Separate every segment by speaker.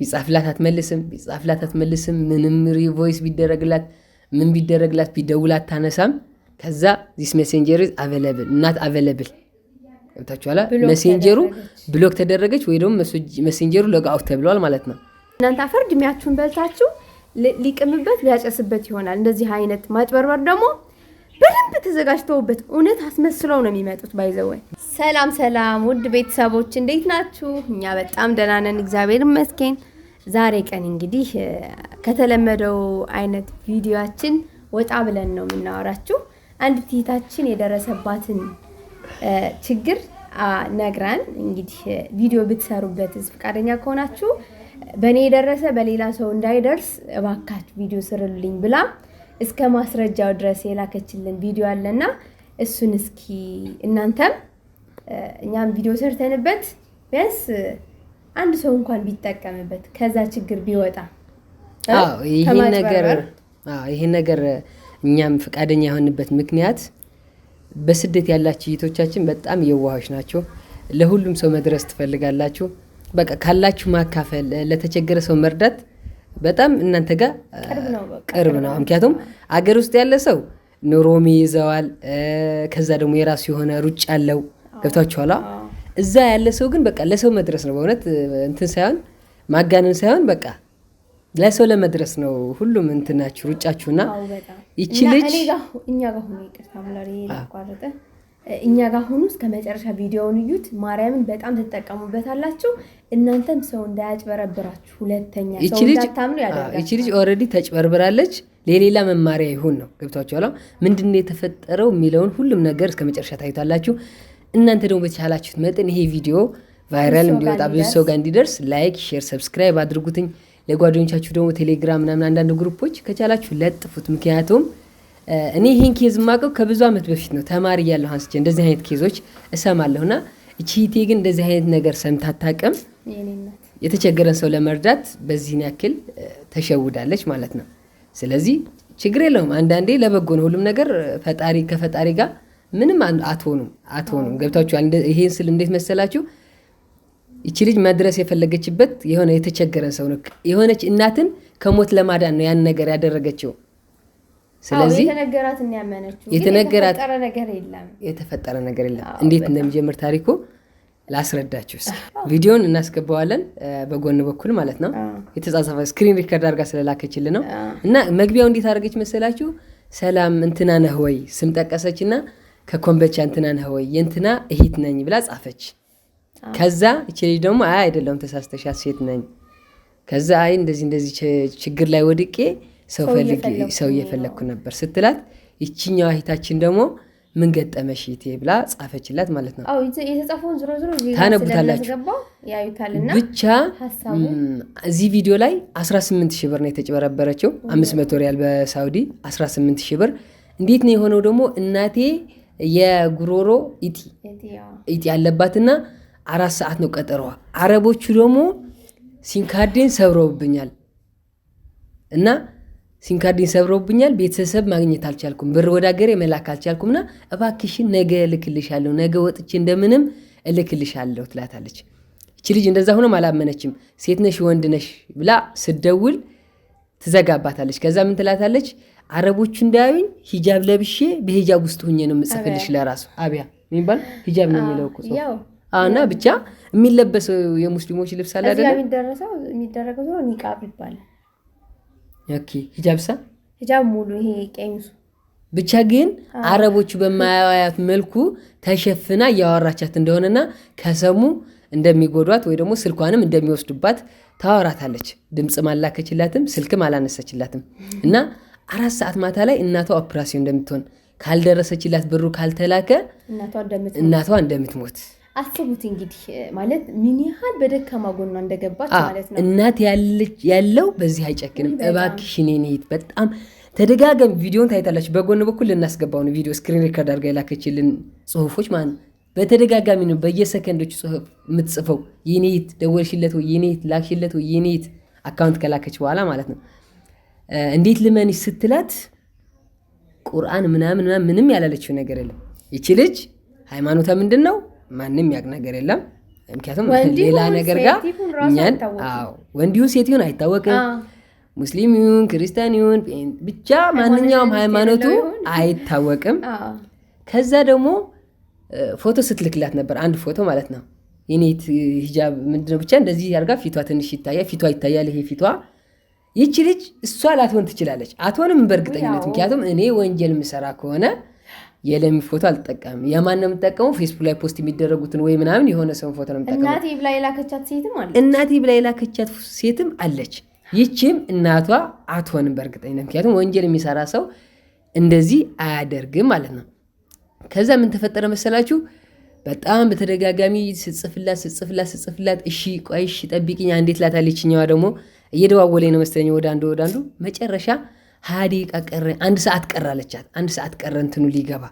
Speaker 1: ቢጻፍላት አትመልስም፣ ቢጻፍላት አትመልስም። ምንም ሪቮይስ ቢደረግላት ምን ቢደረግላት ቢደውላት ታነሳም። ከዛ ዚስ ሜሴንጀር አቬለብል እናት አቬለብል ገብታችኋላ። ሜሴንጀሩ ብሎክ ተደረገች ወይ ደግሞ ሜሴንጀሩ ሎግአውት ተብለዋል ማለት ነው።
Speaker 2: እናንተ አፈር ድሜያችሁን በልታችሁ ሊቅምበት ሊያጨስበት ይሆናል። እንደዚህ አይነት ማጭበርበር ደግሞ በደንብ ተዘጋጅተውበት እውነት አስመስለው ነው የሚመጡት ባይዘወይ
Speaker 3: ሰላም ሰላም ውድ ቤተሰቦች እንዴት ናችሁ? እኛ በጣም ደህና ነን፣ እግዚአብሔር ይመስገን። ዛሬ ቀን እንግዲህ ከተለመደው አይነት ቪዲዮችን ወጣ ብለን ነው የምናወራችሁ። አንዲት እህታችን የደረሰባትን ችግር ነግራን እንግዲህ ቪዲዮ ብትሰሩበት ፈቃደኛ ከሆናችሁ በእኔ የደረሰ በሌላ ሰው እንዳይደርስ እባካችሁ ቪዲዮ ስሩልኝ ብላ እስከ ማስረጃው ድረስ የላከችልን ቪዲዮ አለና እሱን እስኪ እናንተም እኛም ቪዲዮ ሰርተንበት ቢያንስ አንድ ሰው እንኳን ቢጠቀምበት ከዛ ችግር ቢወጣ
Speaker 1: ይሄን ነገር እኛም ፈቃደኛ የሆንበት ምክንያት በስደት ያላችሁ እህቶቻችን በጣም የዋሆች ናቸው። ለሁሉም ሰው መድረስ ትፈልጋላችሁ። በቃ ካላችሁ ማካፈል፣ ለተቸገረ ሰው መርዳት በጣም እናንተ ጋር ቅርብ ነው። ምክንያቱም አገር ውስጥ ያለ ሰው ኑሮም ይይዘዋል። ከዛ ደግሞ የራሱ የሆነ ሩጫ አለው። ገብታችኋላ። እዛ ያለ ሰው ግን በቃ ለሰው መድረስ ነው በእውነት እንትን ሳይሆን ማጋነን ሳይሆን በቃ ለሰው ለመድረስ ነው ሁሉም እንትናችሁ ሩጫችሁና ይቺ ልጅ
Speaker 2: እኛ ጋር ሁኑ። ይቅርታ ቋረጠ። እኛ ጋር ሁኑ፣ እስከ መጨረሻ ቪዲዮውን እዩት። ማርያምን በጣም ትጠቀሙበታላችሁ። እናንተም ሰው እንዳያጭበረብራችሁ ሁለተኛ ሰው ያደርጋል።
Speaker 1: ይቺ ልጅ ኦልሬዲ ተጭበርብራለች። ለሌላ መማሪያ ይሁን ነው ገብቷችኋል። ምንድን ነው የተፈጠረው የሚለውን ሁሉም ነገር እስከ መጨረሻ ታዩታላችሁ። እናንተ ደግሞ በተቻላችሁት መጠን ይሄ ቪዲዮ ቫይራል እንዲወጣ ብዙ ሰው ጋር እንዲደርስ ላይክ፣ ሼር፣ ሰብስክራይብ አድርጉትኝ። ለጓደኞቻችሁ ደግሞ ቴሌግራም ምናምን አንዳንድ ግሩፖች ከቻላችሁ ለጥፉት። ምክንያቱም እኔ ይህን ኬዝ የማውቀው ከብዙ ዓመት በፊት ነው ተማሪ እያለሁ አንስቼ እንደዚህ አይነት ኬዞች እሰማለሁና እቺቴ ግን እንደዚህ አይነት ነገር ሰምታ አታውቅም። የተቸገረን ሰው ለመርዳት በዚህን ያክል ተሸውዳለች ማለት ነው። ስለዚህ ችግር የለውም። አንዳንዴ ለበጎ ነው ሁሉም ነገር ፈጣሪ ከፈጣሪ ጋር ምንም አትሆኑም አትሆኑም። ገብታችኋል? ይሄን ስል እንዴት መሰላችሁ? ይቺ ልጅ መድረስ የፈለገችበት የሆነ የተቸገረ ሰው ነው። የሆነች እናትን ከሞት ለማዳን ነው ያን ነገር ያደረገችው። ስለዚህ የተነገራት የተፈጠረ ነገር የለም። እንዴት እንደሚጀምር ታሪኩ ላስረዳችሁ። ቪዲዮን እናስገባዋለን በጎን በኩል ማለት ነው። የተጻጻፈ ስክሪን ሪከርድ አድርጋ ስለላከችል ነው። እና መግቢያው እንዴት አደረገች መሰላችሁ? ሰላም እንትና ነህ ወይ ስም ጠቀሰችና ከኮምበቻ እንትና ነህ የእንትና እህት ነኝ ብላ ጻፈች። ከዛ እቺ ልጅ ደግሞ አይ አይደለም ተሳስተሻል፣ ሴት ነኝ። ከዛ አይ እንደዚህ እንደዚህ ችግር ላይ ወድቄ ሰው ፈልጌ ሰው እየፈለግኩ ነበር ስትላት ይችኛዋ እህታችን ደግሞ ምን ገጠመሽ እህቴ ብላ ጻፈችላት ማለት ነው። ታነቡታላችሁ ብቻ። እዚህ ቪዲዮ ላይ 18 ሺህ ብር ነው የተጭበረበረችው። 500 ሪያል በሳውዲ 18 ሺህ ብር። እንዴት ነው የሆነው ደግሞ እናቴ የጉሮሮ ኢቲ ያለባትና አራት ሰዓት ነው ቀጠሯዋ አረቦቹ ደግሞ ሲንካርዴን ሰብረውብኛል እና ሲንካርዴን ሰብረውብኛል፣ ቤተሰብ ማግኘት አልቻልኩም፣ ብር ወደ ሀገሬ መላክ አልቻልኩምና እባክሽን ነገ እልክልሻለሁ፣ ነገ ወጥቼ እንደምንም እልክልሻለሁ ትላታለች። እች ልጅ እንደዛ ሆኖም አላመነችም። ሴት ነሽ ወንድ ነሽ ብላ ስደውል ትዘጋባታለች። ከዛ ምን ትላታለች? አረቦቹ እንዳያዩኝ ሂጃብ ለብሼ በሂጃብ ውስጥ ሁኜ ነው የምጽፍልሽ። ለራሱ አብያ የሚባል ሂጃብ ነው የሚለው እኮ እና ብቻ የሚለበሰው የሙስሊሞች ልብስ አለ አይደለ?
Speaker 2: የሚደረገው ነው ኒቃብ ይባላል። ሂጃብ ሳ ሂጃብ ሙሉ ይሄ ቀሚሱ
Speaker 1: ብቻ ግን አረቦቹ በማያያት መልኩ ተሸፍና እያወራቻት እንደሆነና ከሰሙ እንደሚጎዷት ወይ ደግሞ ስልኳንም እንደሚወስዱባት ታወራታለች። ድምፅም አላከችላትም፣ ስልክም አላነሳችላትም እና አራት ሰዓት ማታ ላይ እናቷ ኦፕራሲዮን እንደምትሆን ካልደረሰችላት ብሩ ካልተላከ እናቷ እንደምትሞት
Speaker 2: አስቡት እንግዲህ ማለት ምን ያህል በደካማ ጎኗ እንደገባች ማለት
Speaker 1: ነው። እናት ያለው በዚህ አይጨክንም። እባክሽን የኔ በጣም ተደጋጋሚ ቪዲዮን ታይታላችሁ። በጎን በኩል ልናስገባው ነው ቪዲዮ ስክሪን ሪከርድ አድርጋ የላከችልን ጽሁፎች ማለት ነው። በተደጋጋሚ ነው በየሰከንዶች ጽሁፍ የምትጽፈው የኔት ደወልሽለት ወይ የኔት ላክሽለት ወይ የኔት አካውንት ከላከች በኋላ ማለት ነው። እንዴት ልመንሽ ስትላት ቁርአን ምናምን ምናምን ምንም ያላለችው ነገር የለም። ይቺ ልጅ ሃይማኖቷ ምንድን ነው ማንም ያቅ ነገር የለም። ምክንያቱም ሌላ ነገር ጋር
Speaker 2: እኛን ወንድ ይሁን ሴት ይሁን አይታወቅም።
Speaker 1: ሙስሊም ይሁን ክርስቲያን ይሁን ብቻ ማንኛውም ሃይማኖቱ አይታወቅም። ከዛ ደግሞ ፎቶ ስትልክላት ነበር፣ አንድ ፎቶ ማለት ነው የኔት ሂጃብ ምንድነው ብቻ እንደዚህ አድርጋ ፊቷ ትንሽ ይታያል፣ ፊቷ ይታያል፣ ይሄ ፊቷ ይቺ ልጅ እሷ ላትሆን ትችላለች። አትሆንም በእርግጠኝነት ምክንያቱም እኔ ወንጀል የምሰራ ከሆነ የለሚ ፎቶ አልጠቀምም። የማን ነው የምጠቀመው? ፌስቡክ ላይ ፖስት የሚደረጉትን ወይ ምናምን የሆነ ሰውን ፎቶ ነው የምጠቀመው።
Speaker 2: እናቴ ብላ የላከቻት ሴትም አለች።
Speaker 1: እናቴ ሴትም አለች። ይቺም እናቷ አትሆንም በእርግጠኝነት ምክንያቱም ወንጀል የሚሰራ ሰው እንደዚህ አያደርግም ማለት ነው። ከዛ ምን ተፈጠረ መሰላችሁ? በጣም በተደጋጋሚ ስጽፍላት ስጽፍላት ስጽፍላት እሺ ቆይ እሺ አንዴት ላታለችኛዋ ደግሞ እየደዋወለ ነው መሰለኝ ወደ አንዱ ወደ አንዱ መጨረሻ ሀያ ደቂቃ ቀረ፣ አንድ ሰዓት ቀረ አለቻት። አንድ ሰዓት ቀረ እንትኑ ሊገባ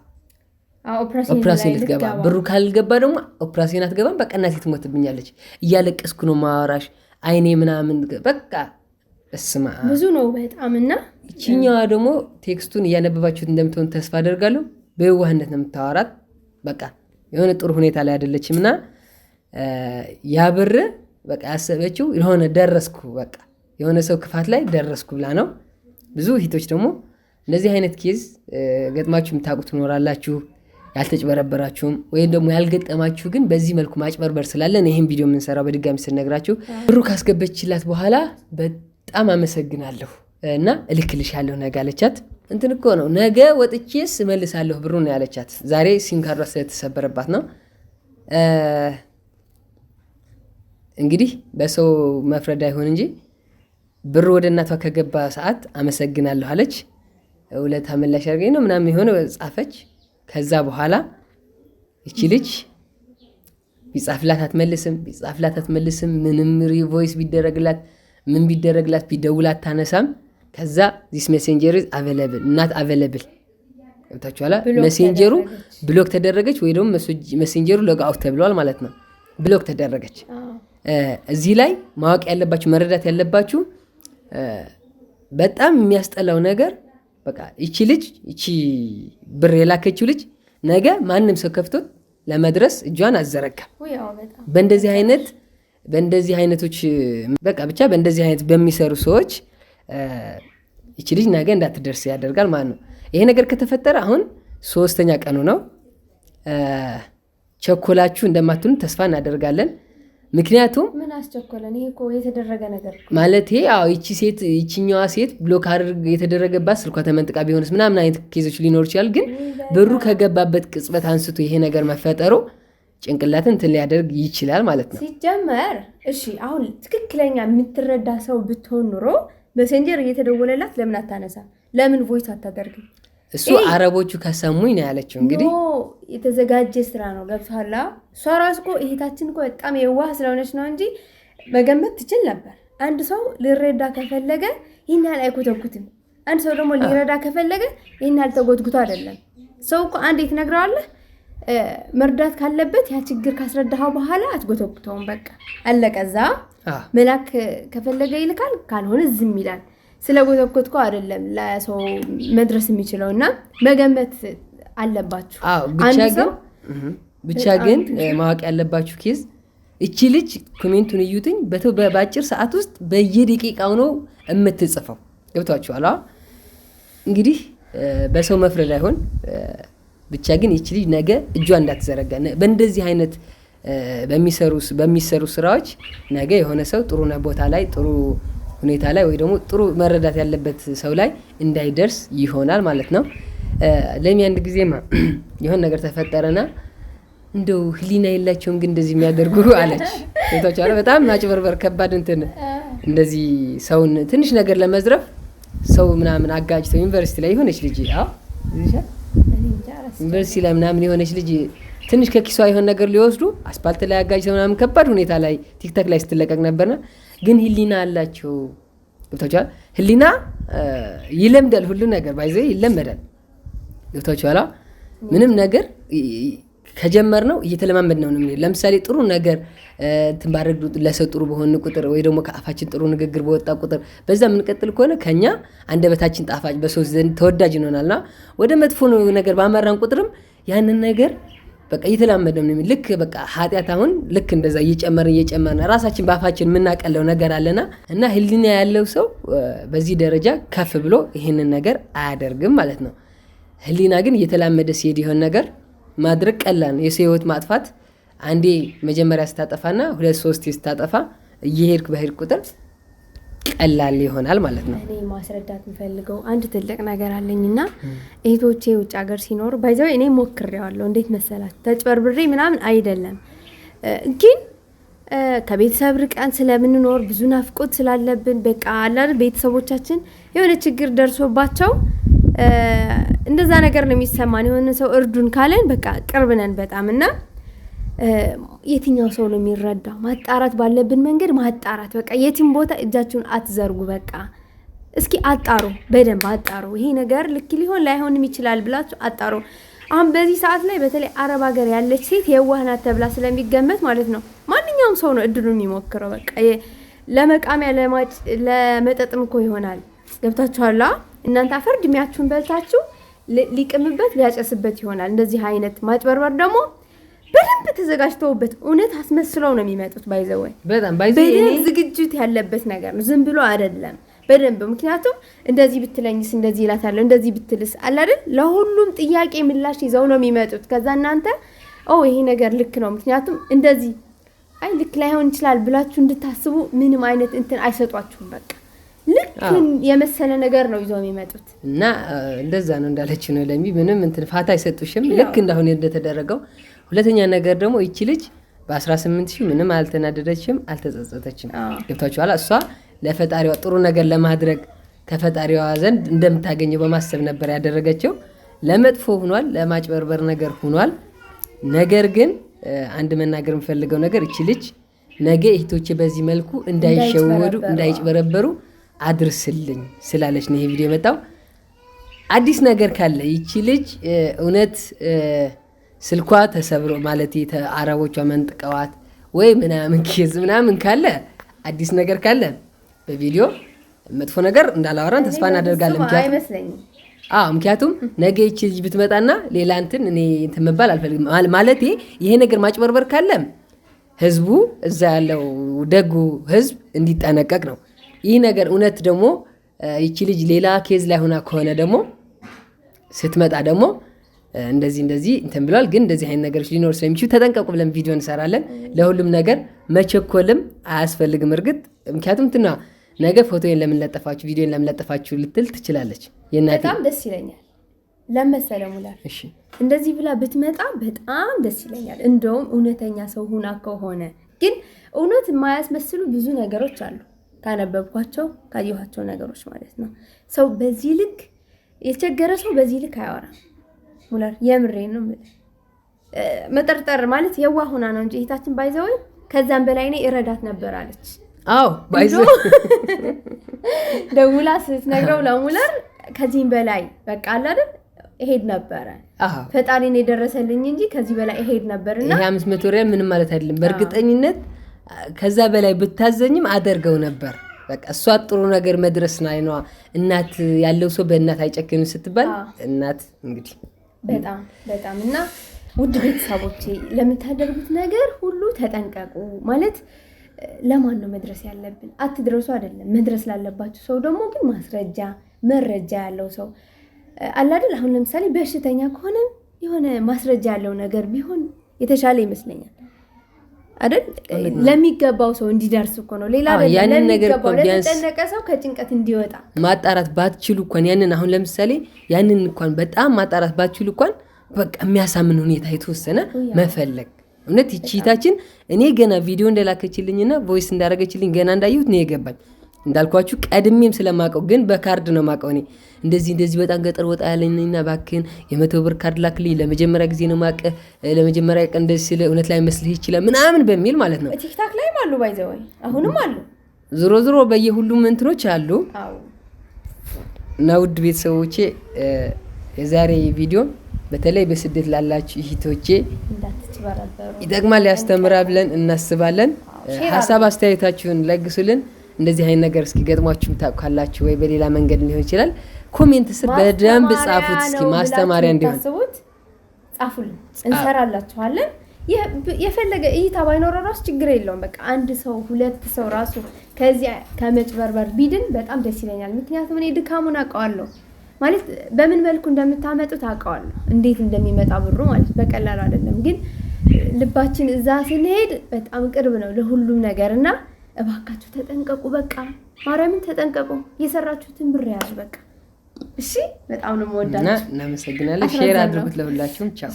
Speaker 1: ኦፕራሲን ልትገባ ብሩ ካልገባ ደግሞ ኦፕራሲዮን አትገባም። በቃ እናቴ ትሞትብኛለች፣ እያለቀስኩ ነው ማወራሽ አይኔ ምናምን በቃ እስማ
Speaker 2: ብዙ ነው በጣም እና
Speaker 1: ይችኛዋ ደግሞ ቴክስቱን እያነበባችሁት እንደምትሆን ተስፋ አደርጋለሁ። በየዋህነት ነው የምታወራት። በቃ የሆነ ጥሩ ሁኔታ ላይ አይደለችም እና ያ በቃ ያሰበችው የሆነ ደረስኩ በቃ የሆነ ሰው ክፋት ላይ ደረስኩ ብላ ነው። ብዙ እህቶች ደግሞ እንደዚህ አይነት ኬዝ ገጥማችሁ የምታውቁ ትኖራላችሁ። ያልተጭበረበራችሁም ወይም ደግሞ ያልገጠማችሁ ግን በዚህ መልኩ ማጭበርበር ስላለን ይህን ቪዲዮ የምንሰራው በድጋሚ ስነግራችሁ ብሩ ካስገበችላት በኋላ በጣም አመሰግናለሁ እና ያለሁ ነገ አለቻት። እንትን እኮ ነው ነገ ወጥቼስ እመልሳለሁ ነው ያለቻት። ዛሬ ሲም ስለተሰበረባት ነው። እንግዲህ በሰው መፍረድ አይሆን እንጂ ብር ወደ እናቷ ከገባ ሰዓት አመሰግናለሁ አለች። ውለታ ምላሽ አድርገኝ ነው ምናምን የሆነ ጻፈች። ከዛ በኋላ እቺ ልጅ ቢጻፍላት አትመልስም፣ ቢጻፍላት አትመልስም። ምንም ሪቮይስ ቢደረግላት ምን ቢደረግላት ቢደውላት ታነሳም። ከዛ ዚስ ሜሴንጀር አቬለብል እናት አቬለብል ታችኋላ ሜሴንጀሩ ብሎክ ተደረገች ወይ ደግሞ መሴንጀሩ ሎግአውት ተብለዋል ማለት ነው። ብሎክ ተደረገች። እዚህ ላይ ማወቅ ያለባችሁ መረዳት ያለባችሁ በጣም የሚያስጠላው ነገር በቃ እቺ ልጅ እቺ ብር የላከችው ልጅ ነገ ማንም ሰው ከፍቶት ለመድረስ እጇን አዘረጋም። በእንደዚህ አይነት በእንደዚህ አይነቶች በቃ ብቻ በእንደዚህ አይነት በሚሰሩ ሰዎች እቺ ልጅ ነገ እንዳትደርስ ያደርጋል ማለት ነው። ይሄ ነገር ከተፈጠረ አሁን ሶስተኛ ቀኑ ነው። ቸኮላችሁ እንደማትሆኑ ተስፋ እናደርጋለን። ምክንያቱም
Speaker 2: ምን አስቸኮለ? ይሄ እኮ የተደረገ ነገር
Speaker 1: ማለት ይሄ ይቺ ሴት ይቺኛዋ ሴት ብሎክ አድርግ የተደረገባት ስልኳ ተመንጥቃ ቢሆንስ ምናምን አይነት ኬዞች ሊኖር ይችላል። ግን ብሩ ከገባበት ቅጽበት አንስቶ ይሄ ነገር መፈጠሩ ጭንቅላትን እንትን ሊያደርግ ይችላል ማለት ነው።
Speaker 2: ሲጀመር እሺ፣ አሁን ትክክለኛ የምትረዳ ሰው ብትሆን ኑሮ መሴንጀር እየተደወለላት ለምን አታነሳ? ለምን ቮይስ አታደርግም?
Speaker 1: እሱ አረቦቹ ከሰሙኝ ነው ያለችው። እንግዲህ
Speaker 2: የተዘጋጀ ስራ ነው ገብቶሃል። እሷ ራሱ እኮ እህታችን እኮ በጣም የዋህ ስለሆነች ነው እንጂ መገመት ትችል ነበር። አንድ ሰው ሊረዳ ከፈለገ ይህን ያህል አይኮተኩትም። አንድ ሰው ደግሞ ሊረዳ ከፈለገ ይህን ያህል ተጎትጉቶ አይደለም። ሰው እኮ አንዴ ትነግረዋለህ፣ መርዳት ካለበት ያ ችግር ካስረዳኸው በኋላ አትጎተጉተውም። በቃ አለቀ። እዛ መላክ ከፈለገ ይልካል፣ ካልሆነ ዝም ይላል። ጎተኮትኮ አይደለም ለሰው መድረስ የሚችለው እና መገመት አለባችሁ።
Speaker 1: ብቻ ግን ማወቅ ያለባችሁ ኬዝ እቺ ልጅ ኮሜንቱን እዩትኝ፣ በአጭር ሰዓት ውስጥ በየደቂቃው ነው የምትጽፈው። ገብቷችኋል? እንግዲህ በሰው መፍረድ አይሆን። ብቻ ግን ይቺ ልጅ ነገ እጇ እንዳትዘረጋ በእንደዚህ አይነት በሚሰሩ ስራዎች ነገ የሆነ ሰው ጥሩ ቦታ ላይ ጥሩ ሁኔታ ላይ ወይ ደግሞ ጥሩ መረዳት ያለበት ሰው ላይ እንዳይደርስ ይሆናል ማለት ነው። ለሚ አንድ ጊዜማ የሆን ነገር ተፈጠረና እንደው ህሊና የላቸውም ግን እንደዚህ የሚያደርጉ አለች። ቶቻለ በጣም ማጭበርበር ከባድ እንትን እንደዚህ ሰውን ትንሽ ነገር ለመዝረፍ ሰው ምናምን አጋጭተው ዩኒቨርሲቲ ላይ የሆነች ልጅ ዩኒቨርሲቲ ላይ ምናምን የሆነች ልጅ ትንሽ ከኪሷ የሆነ ነገር ሊወስዱ አስፓልት ላይ አጋጭተው ምናምን ከባድ ሁኔታ ላይ ቲክታክ ላይ ስትለቀቅ ነበርና ግን ህሊና አላቸው። ገብታችኋል? ህሊና ይለምዳል። ሁሉ ነገር ባይዘ ይለመዳል። ገብታችኋል? ምንም ነገር ከጀመር ነው እየተለማመድ ነው ነው። ለምሳሌ ጥሩ ነገር ትንባረግ ለሰው ጥሩ በሆን ቁጥር ወይ ደግሞ ከአፋችን ጥሩ ንግግር በወጣ ቁጥር በዛ የምንቀጥል ከሆነ ከኛ አንደበታችን ጣፋጭ፣ በሰዎች ዘንድ ተወዳጅ ይሆናልና ወደ መጥፎ ነገር ባመራን ቁጥርም ያንን ነገር በቃ እየተላመደ ነው። ልክ በቃ ኃጢአት አሁን ልክ እንደዛ እየጨመርን እየጨመርን ራሳችን በአፋችን የምናቀለው ነገር አለና እና ህሊና ያለው ሰው በዚህ ደረጃ ከፍ ብሎ ይህንን ነገር አያደርግም ማለት ነው። ህሊና ግን እየተላመደ ሲሄድ የሆን ነገር ማድረግ ቀላል ነው። የሰው ህይወት ማጥፋት አንዴ መጀመሪያ ስታጠፋና ሁለት ሶስት ስታጠፋ እየሄድክ በሄድ ቁጥር ቀላል ይሆናል ማለት ነው።
Speaker 2: እኔ ማስረዳት የምፈልገው አንድ ትልቅ ነገር አለኝና እህቶቼ ውጭ ሀገር ሲኖሩ ባይዘው እኔ ሞክሬዋለሁ። እንዴት መሰላት ተጭበርብሬ ምናምን አይደለም ግን ከቤተሰብ ርቀን ስለምንኖር ብዙ ናፍቆት ስላለብን በቃ አላል ቤተሰቦቻችን የሆነ ችግር ደርሶባቸው እንደዛ ነገር ነው የሚሰማን። የሆነ ሰው እርዱን ካለን በቃ ቅርብ ነን በጣም እና የትኛው ሰው ነው የሚረዳ? ማጣራት ባለብን መንገድ ማጣራት። በቃ የትም ቦታ እጃችሁን አትዘርጉ። በቃ እስኪ አጣሩ፣ በደንብ አጣሩ። ይሄ ነገር ልክ ሊሆን ላይሆንም ይችላል ብላችሁ አጣሩ። አሁን በዚህ ሰዓት ላይ በተለይ አረብ ሀገር ያለች ሴት የዋህ ናት ተብላ ስለሚገመት ማለት ነው ማንኛውም ሰው ነው እድሉ የሚሞክረው። በቃ ለመቃሚያ ለመጠጥም እኮ ይሆናል። ገብታችኋላ? እናንተ አፈር ድሜያችሁን በልታችሁ ሊቅምበት ሊያጨስበት ይሆናል። እንደዚህ አይነት ማጭበርበር ደግሞ በደንብ ተዘጋጅተውበት እውነት አስመስለው ነው የሚመጡት። ባይዘወይ
Speaker 1: በጣም በደንብ
Speaker 2: ዝግጅት ያለበት ነገር ነው። ዝም ብሎ አይደለም። በደንብ ምክንያቱም እንደዚህ ብትለኝስ እንደዚህ ይላታለሁ፣ እንደዚህ ብትልስ አላደል ለሁሉም ጥያቄ ምላሽ ይዘው ነው የሚመጡት። ከዛ እናንተ ኦ ይሄ ነገር ልክ ነው ምክንያቱም እንደዚህ አይ ልክ ላይሆን ይችላል ብላችሁ እንድታስቡ ምንም አይነት እንትን አይሰጧችሁም። በቃ ልክ የመሰለ ነገር ነው ይዞ የሚመጡት
Speaker 1: እና እንደዛ ነው እንዳለች ነው ለሚ ምንም እንትን ፋታ አይሰጡሽም። ልክ እንዳሁን እንደተደረገው ሁለተኛ ነገር ደግሞ ይቺ ልጅ በ18 ሺህ ምንም አልተናደደችም፣ አልተጸጸተችም። ገብታችኋላ? እሷ ለፈጣሪዋ ጥሩ ነገር ለማድረግ ከፈጣሪዋ ዘንድ እንደምታገኘው በማሰብ ነበር ያደረገችው። ለመጥፎ ሁኗል፣ ለማጭበርበር ነገር ሁኗል። ነገር ግን አንድ መናገር የምፈልገው ነገር እቺ ልጅ ነገ እህቶቼ በዚህ መልኩ እንዳይሸወዱ እንዳይጭበረበሩ አድርስልኝ ስላለች ነው ይሄ ቪዲዮ የመጣው። አዲስ ነገር ካለ ይቺ ልጅ እውነት ስልኳ ተሰብሮ ማለት አረቦቿ መንጥቀዋት ወይ ምናምን ኬዝ ምናምን ካለ አዲስ ነገር ካለ በቪዲዮ መጥፎ ነገር እንዳላወራን ተስፋ እናደርጋለን። ምክንያቱም ነገ ይቺ ልጅ ብትመጣና ሌላ እንትን እኔ እንትን መባል አልፈልግም። ማለት ይሄ ነገር ማጭበርበር ካለም ህዝቡ እዛ ያለው ደጉ ህዝብ እንዲጠነቀቅ ነው። ይህ ነገር እውነት ደግሞ ይቺ ልጅ ሌላ ኬዝ ላይ ሆና ከሆነ ደግሞ ስትመጣ ደግሞ እንደዚህ እንደዚህ እንትን ብሏል፣ ግን እንደዚህ አይነት ነገሮች ሊኖር ስለሚችሉ ተጠንቀቁ ብለን ቪዲዮ እንሰራለን። ለሁሉም ነገር መቸኮልም አያስፈልግም። እርግጥ ምክንያቱም እንትና ነገ ፎቶዬን ለምንለጠፋችሁ ቪዲዮን ለምንለጠፋችሁ ልትል ትችላለች። በጣም
Speaker 2: ደስ ይለኛል ለመሰለ ሙላት እንደዚህ ብላ ብትመጣ በጣም ደስ ይለኛል። እንደውም እውነተኛ ሰው ሁና ከሆነ ግን እውነት የማያስመስሉ ብዙ ነገሮች አሉ፣ ካነበብኳቸው ካየኋቸው ነገሮች ማለት ነው። ሰው በዚህ ልክ የቸገረ ሰው በዚህ ልክ አያወራም። ሙላር የምሬ ነው የምልሽ። መጠርጠር ማለት የዋ ሆና ነው እንጂ እህታችን ባይዘወይ ከዛም በላይ እኔ እረዳት ነበር አለች።
Speaker 1: አዎ
Speaker 2: ደውላ ስትነግረው ለሙለር ከዚህም በላይ በቃ አለ አይደል እሄድ ነበረ ፈጣሪን የደረሰልኝ እንጂ ከዚህ በላይ እሄድ ነበር ይሄ
Speaker 1: አምስት መቶ ሪያል ምንም ማለት አይደለም። በእርግጠኝነት ከዛ በላይ ብታዘኝም አደርገው ነበር። በቃ እሷ ጥሩ ነገር መድረስ ነው። እናት ያለው ሰው በእናት አይጨክንም ስትባል እናት
Speaker 2: እንግዲህ በጣም በጣም እና ውድ ቤተሰቦቼ ለምታደርጉት ነገር ሁሉ ተጠንቀቁ። ማለት ለማን ነው መድረስ ያለብን? አትድረሱ አይደለም፣ መድረስ ላለባችሁ ሰው ደግሞ ግን ማስረጃ መረጃ ያለው ሰው አላደል። አሁን ለምሳሌ በሽተኛ ከሆነ የሆነ ማስረጃ ያለው ነገር ቢሆን የተሻለ ይመስለኛል። አይደል ለሚገባው ሰው እንዲደርስ እኮ ነው። ሌላ ያንን ነገር ሰው ከጭንቀት እንዲወጣ
Speaker 1: ማጣራት ባትችሉ እንኳን ያንን አሁን ለምሳሌ ያንን እንኳን በጣም ማጣራት ባትችሉ እንኳን በቃ የሚያሳምን ሁኔታ የተወሰነ መፈለግ እውነት ይቺታችን እኔ ገና ቪዲዮ እንደላከችልኝና ቮይስ እንዳረገችልኝ ገና እንዳየሁት ነው የገባኝ። እንዳልኳችሁ ቀድሜም ስለማቀው ግን በካርድ ነው ማቀው። እኔ እንደዚህ እንደዚህ በጣም ገጠር ወጣ ያለኝና እባክህን የመቶ ብር ካርድ ላክልኝ፣ ለመጀመሪያ ጊዜ ነው ማቀ፣ ለመጀመሪያ ቀን እንደዚህ ስለ እውነት ላይ መስልህ ይችላል ምናምን በሚል ማለት ነው።
Speaker 2: ቲክታክ ላይም አሉ፣ ወይ አሁንም አሉ።
Speaker 1: ዞሮ ዞሮ በየሁሉም እንትኖች አሉ። እና ውድ ቤተሰቦቼ የዛሬ ቪዲዮ በተለይ በስደት ላላችሁ እህቶቼ ይጠቅማል፣ ያስተምራ ብለን እናስባለን። ሀሳብ አስተያየታችሁን ለግሱልን። እንደዚህ አይነት ነገር እስኪ ገጥሟችሁም ታውቃላችሁ ወይ? በሌላ መንገድ ሊሆን ይችላል። ኮሜንት ስር በደንብ ጻፉት። እስኪ ማስተማሪያ እንዲሆን
Speaker 2: ጻፉልን፣ እንሰራላችኋለን። የፈለገ እይታ ባይኖረው ራሱ ችግር የለውም። በቃ አንድ ሰው ሁለት ሰው ራሱ ከዚያ ከመጭበርበር ቢድን በጣም ደስ ይለኛል። ምክንያቱም እኔ ድካሙን አውቀዋለሁ ማለት በምን መልኩ እንደምታመጡት አውቀዋለሁ፣ እንዴት እንደሚመጣ ብሩ ማለት በቀላል አይደለም። ግን ልባችን እዛ ስንሄድ በጣም ቅርብ ነው ለሁሉም ነገር እና እባካችሁ ተጠንቀቁ። በቃ ማርያምን ተጠንቀቁ። የሰራችሁትን ብር ያዙ። በቃ እሺ። በጣም ነው መወዳችሁ።
Speaker 1: እናመሰግናለን። ሼር አድርጉት ለሁላችሁም። ቻው